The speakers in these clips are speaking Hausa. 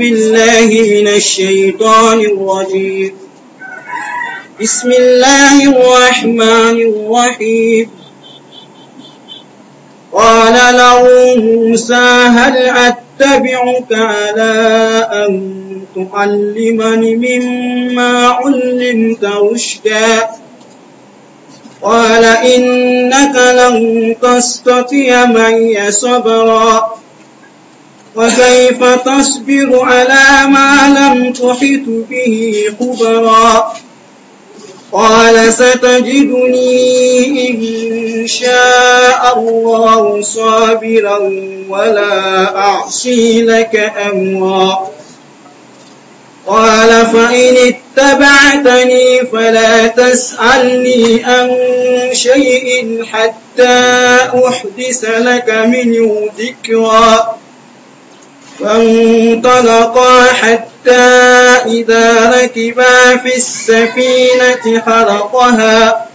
بالله من الشيطان الرجيم بسم الله الرحمن الرحيم قال له موسى هل أتبعك على أن تعلمني مما علمت رشدا قال إنك لن تستطيع معي صبرا وكيف تصبر على ما لم تحط به خبرا قال ستجدني إن شاء الله صابرا ولا أعصي لك أمرا قال فإن اتبعتني فلا تسألني عن شيء حتى أحدث لك منه ذكرا فانطلقا حتى إذا ركبا في السفينة خرقها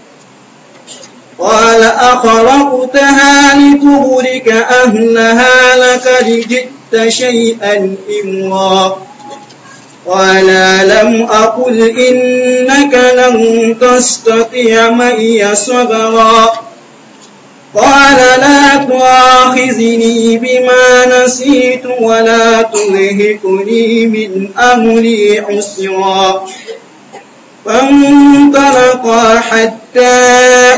قال أخرقتها لتهلك أهلها لقد جئت شيئا إمرا قال لم أقل إنك لن تستطيع معي صبرا قال لا تؤاخذني بما نسيت ولا ترهقني من أمري عسرا فانطلقا حتى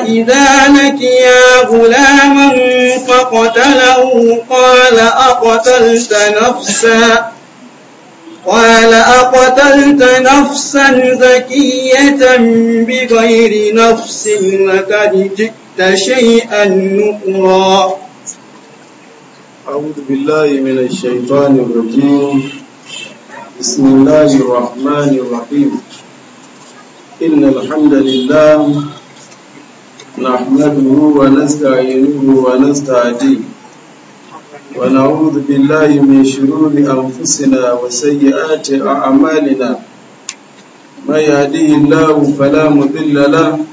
إذا لكيا غلاما فقتله قال أقتلت نفسا قال أقتلت نفسا زكية بغير نفس لقد جئت أردت شيئا نكرا أعوذ بالله من الشيطان الرجيم بسم الله الرحمن الرحيم إن الحمد لله نحمده ونستعينه ونستهديه ونعوذ بالله من شرور أنفسنا وسيئات أعمالنا ما يهديه الله فلا مضل له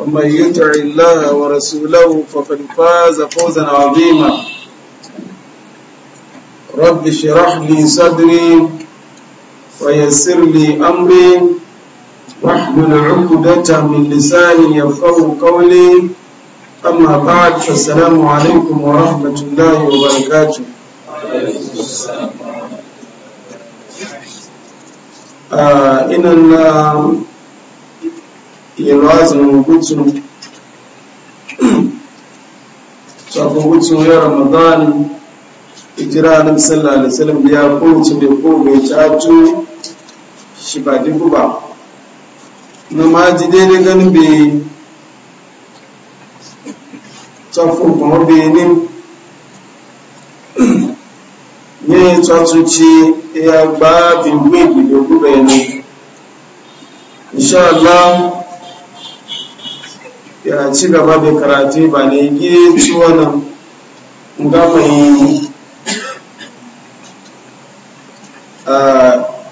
ومن يطع الله ورسوله فقد فاز فوزا عظيما رب اشرح لي صدري ويسر لي امري واحلل عقدة من لساني يفقه قولي اما بعد فالسلام عليكم ورحمة الله وبركاته آه إن الله wutu sako wutu ya ramadan ikira na sallallahu alaihi wasallam ya kowace mai kowace cato shi ba dubu ba na maji daidai ganin bai tsafo kuma benin ní ìtọ́tútí ẹgbàá bí wíìgì lókúbẹ̀ẹ́ni inṣáàlá ya ci gaba da karatu ba ne yi ci wannan ga mai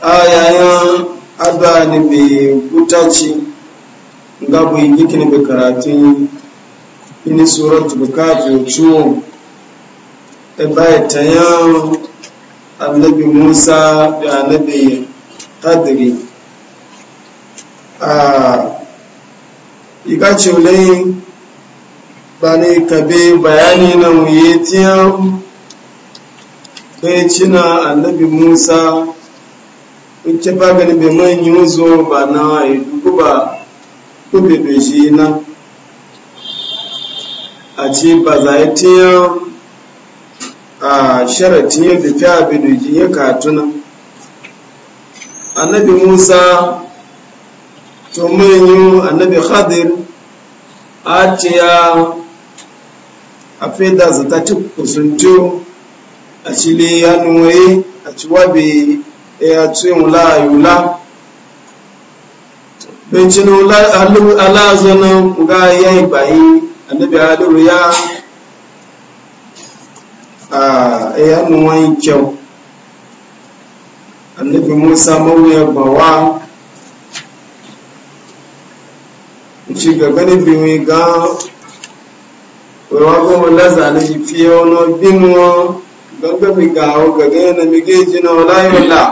ayayen aba ne bai kutaci ga mai giki ne bai karatu ini tsoron tubukafi ciwo da e baya ta yan annabi musa da annabi kadiri a iga ceulai ba ka bi bayani na muye tiyan kai cina annabi musa nke ba gani bai manyi uzo ba na idugu ba kube bai shi na a ce ba za a tiyan a sharatin yadda fiye abin da k'a tuna annabi musa to manyan annabi khadir a ce ya a feda zata ci kusurci a cile ya nuwaye a ci wabe ya ce wula yula bincin alazanin ga ya yi bayi annabi haliru ya a e ya nuwaye kyau annabi musa mawuyar bawa ci gaba ne bi wi ga wa go la za ne ji fi ono binwo ganga bi ga o ga ga na mi ge ji na wala yola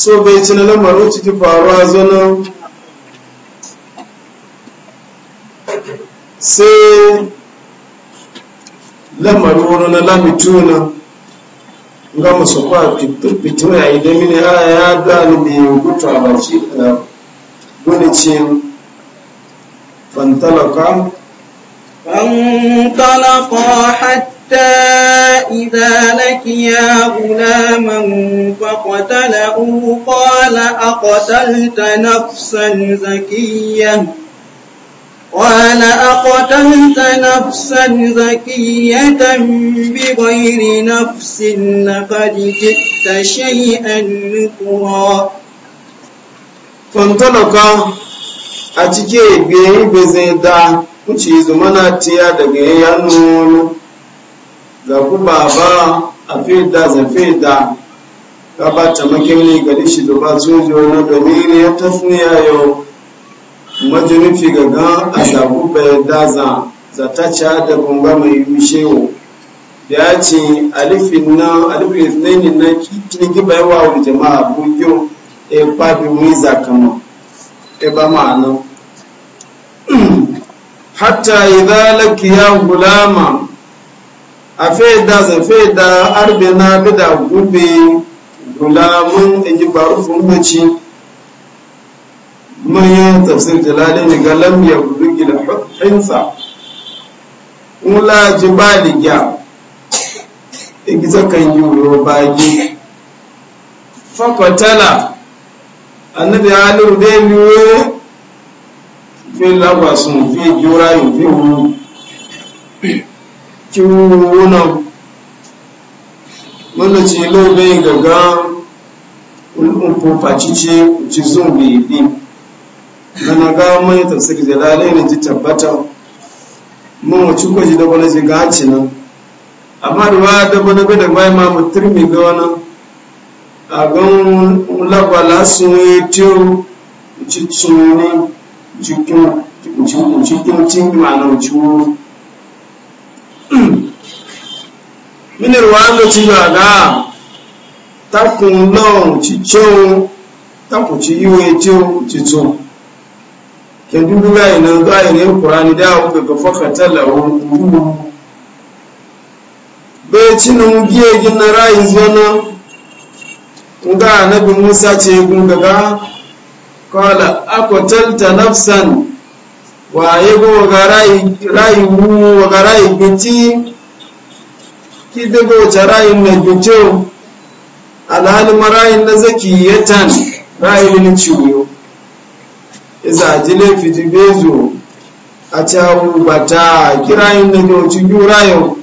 so bai ci na lamarin ci ti faruwa zono sai lamarin wani na lamituna ga musu kwa fito ya yi da mini ah, a ya da ni ne gutu a bashi ɗaya wani ce fantalaka fantalaka hatta إذا لكيا غلاما فقتله قال أقتلت نفسا زكية قال أقتلت نفسا زكية بغير نفس لقد جئت شيئا نكرا fantalaka a cike biyayi bai zai da kuce zumana tiya daga ya nuno ga ku ba a feda za da. ka ba ta makimni ga shi da ba sojo na domin ya tasniya yau majalifi ga ga a zabu bai daza za ta ci da gunga mai yushewo da ya ce alifin na alifin nan na kini gibayewa wa jama'a bugiyo e kwafi kama e ba ma'ana hatta idza lakiya gulama afe da zafe da arbe na bida gube gulamun eji barufun Mun yi tafsir jalalin ne ga lamya, ya gudugi da hinsa wula ji ba ligya igita kan yi wuro bagi fakotala annabi da dai liwe fi sun fi yi fi wuru yi lọ́lọ́tí lóògbé gaga olùkùnkù facice ci zumbi ibi na ga mai tafsir da lalai ne ji tabbata mun wacce kwaji da wani ga gaci amma da wa da bai da bai ma mutum mai ga wani agan labala sun yi tiyo ci tsoni jikin cikin ma'anar ciwo minar wanda ci gaga takun náà ci takun ci yiwe tiyo ci tso kedu duga ina ga ina kurani da ku ga fakata lawo bai cinin giye gina rayin zanen nga annabi musa ce gunga ga kala akwatalta nafsan wa go ga rayi mu ga rayi gici ki dago ta rayin na gice alhali marayin na zaki ya tan rayin ni ciwo iza jile fitibezo a cawu bata kirayin na yau ci rayo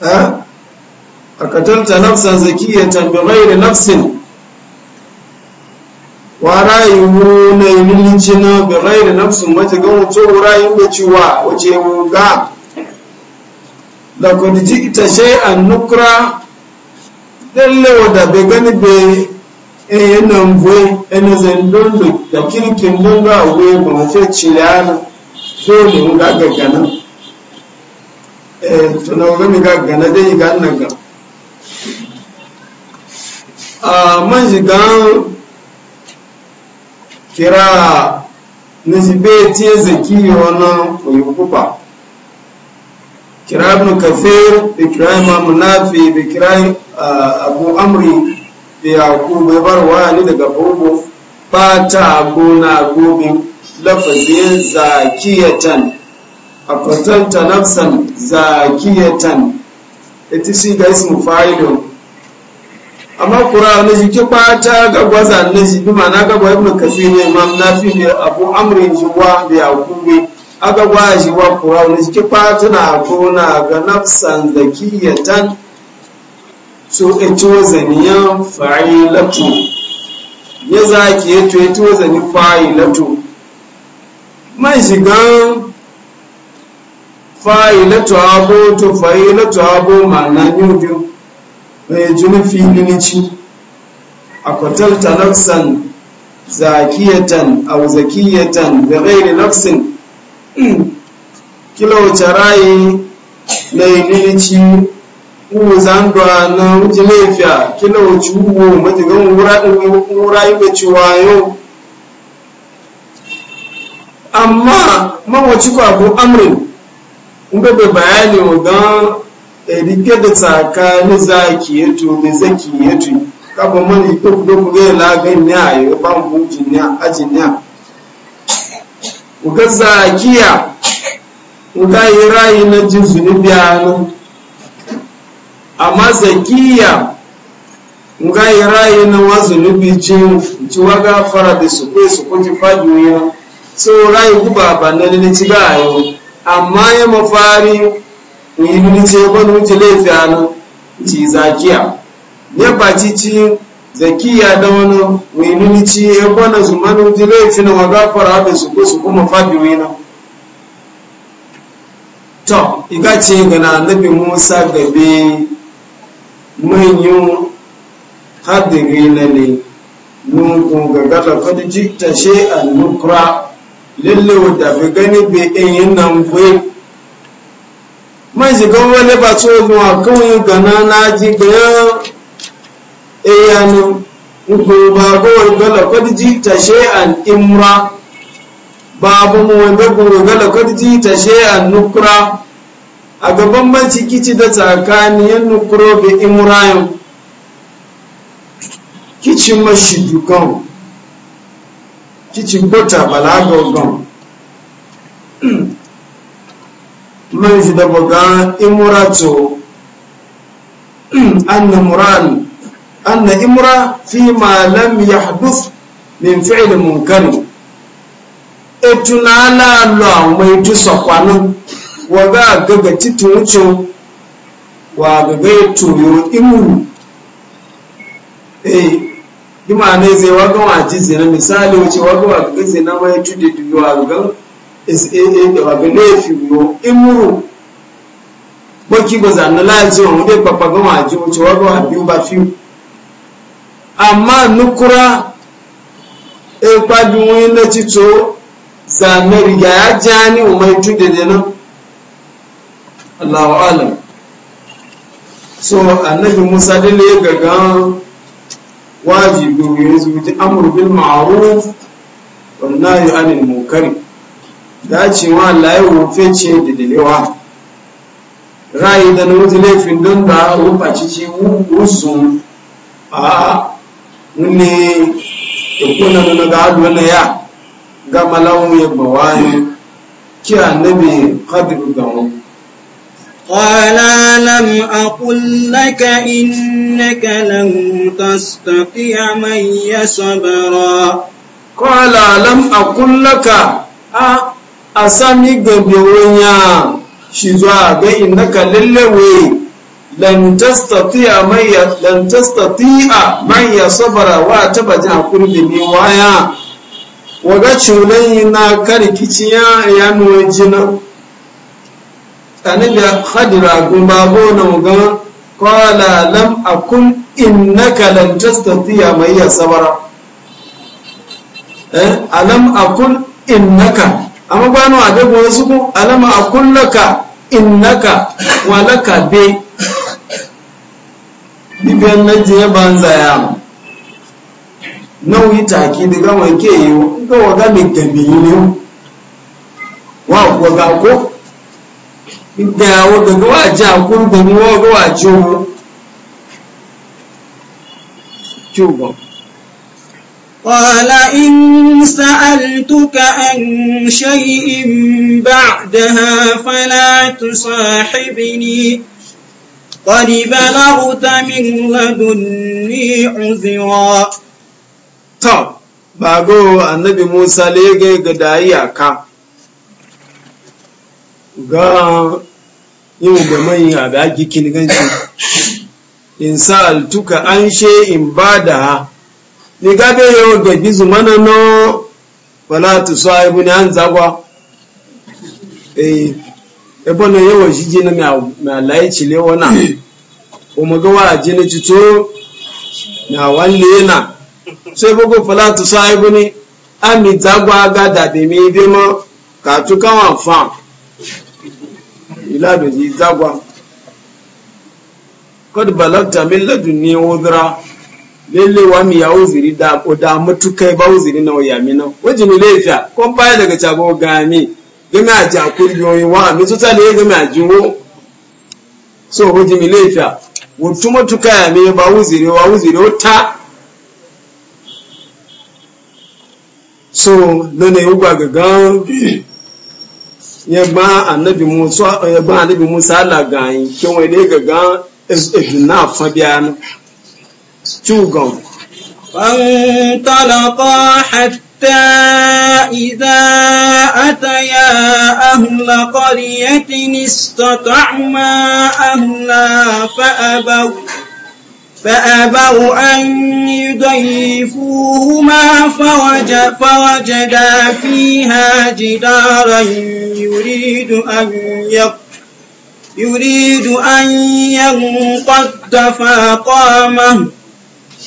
eh أقتلت نفسا زكية nafsin wa rayu na yulici na birayi nafsin mace ga wuce rayu da ciwa wace wuga da ji ita an nukra lallewa da bai gani bai eyan nan bai yana zan lullu da kirkin lullu a wuri ba mace ciyana ko ne wuga gaggana eh tunawa ga gaggana dai ga nan gaba man shigan kira na shibe tiye zaki wani oyukuba kira abin kafir da kira mamu nafi da kira abu amri da yakubu ya bar waya ni daga bobo ba ta gona gobin lafazin zakiyatan a fatanta nafsan zakiyatan ita shi ga ismu fa'ilun amma kura na shi ki kwata ga gwaza na shi bi mana ga gwa ibn kasir ne na fi ne abu amurin shi wa ya akubi a gagwa shi wa kura na shi ki kwata na ko na ga nafsan kiyatan so e ya zaniyan lato ya zaki ya to e to lato fa'ilatu man shigan lato abu to lato abu ma'ana yau biyu mai jini filinici a kwatalta laksan zakiyatan au zakiyatan da gairi laksin kila wace rayi na ilinici uwu zandwa na wuce laifiya kila wace uwu matigan wurayi mai ciwayo amma mawaci kwabu amrin in bai bayani wa gan rike da tsakani zaki ya tu da zaki ya tu kaba mani duk duk ga lagan ne a yi ban hujin ne ajin ne uga zakiya uga yi rayi na jin zunubi anu amma zakiya uga yi rayi na wa zunubi jin ci wa gafara da su kai su kuji fajiyoyi so rayi guba ba na ne ci ga ayo amma ya mafari yi mini ce wani wuce laifi a nan ci zakiya ne ba ci zakiya da wani mai mini ci ya wani zumanu wuce laifi na wagafara da su ko su kuma faɗi na. to iga ce gana annabi musa gabe manyan hadiri na ne nukun gagara fadi jikta shi a nukura lalle wadda bi gani bai ɗanyen nan bai Mai zigon wani ba tsohon a kawai gana na ji gayan eyanu ba gowar gala kwadji ta an imra babu mu wanda gowar gala kwadji ta an nukura a gaban banci kici da yan nukuro bi imrayan kici mashi dukan kici gota balagon man shi da baga imuratu anna muran anna imra fi ma lam yahduth min fi'l munkar etuna la lo àwọn itu sokwanu wa ga gaga titun cho wa gaga to imu eh bi ne zai wa ga wa ji zina misali wace wa ga wa gaga zina mai tudu duwa ga ìwàgbé léèfì wo imúrù bó kí gbọ́dọ̀ àná láti òun dé pàpà gbọ́n àjò tí wọ́n gbọ́n àbí ọba fíw àmà nukura ìpàdé wọn iná títò zanari yàyà já ní òun máa tún dédé náà aláwọ̀ so annabi musa délé gàgán wájú wajibi yanzu ti amúrú bil ma'ruf wa nahy anil munkari dacewa layewa ce da dalewa ra'ayi da nurutu laifin don da ci ce wusu a wani ikuna nuna ga aduwa na ya ga malawun ya bawani ki annabi kadir ga mu لم أقل لك إنك لن تستطيع من يصبرا قالا لم أقل لك a sami gambe wanya shi zuwa ga innaka lallawe lan tastati'a man ya sabara wa ta bajin sabara wa tabaji ni waya waga cunan na karikici ya nuwa jina annabi khadira gumbabo na muga kwala lam akun innaka lan tastati'a man ya sabara eh alam akun innaka amma ba a abe ko wasu ko alama a kullaka innaka walaka be bibiyan na nauyi take daga yi ga waga mai gabi ne wa waga ko da waje a kurgani waga waje ko قال إن سألتك عن شيء بعدها فلا تصاحبني قد بلغت من لدني عذرا طب bago annabi Musa lege ga dayiya ka ga yau ga mai a ga gikin ganci in sa altuka an she in ba da ni gabe oge da gizu mana no wala tu sahibu ni an zagwa eh ebo na yau shi ji na ma lai chile wana o maga wa ji na tuto na wanne na sai bugu fala tu sahibu ni ami zagwa ga da be mi be mo ka tu kan wa fa ila be ji zagwa qad balagta min ladunni udra lalle wa mi ya uziri da ko da matukai ba uziri na ya mi nan wajen lafiya ko baya daga ga mi gina ja kuriyoyi wa mi tuta ne gina jiwo so wajen lafiya wutu matuka ya mi ba uziri wa uziri ta so ugba ga gàgán yẹgbọ́n annabi musa alàgàyìn kí wọ́n ilé gàgán ne náà fọ́n bí i توقوا فانطلقا حتى إذا أتيا أهل قرية استطعما أهلها فأبوا فأبوا أن يضيفوهما فوجد فوجدا فيها جدارا يريد أن يريد أن ينقض فقامه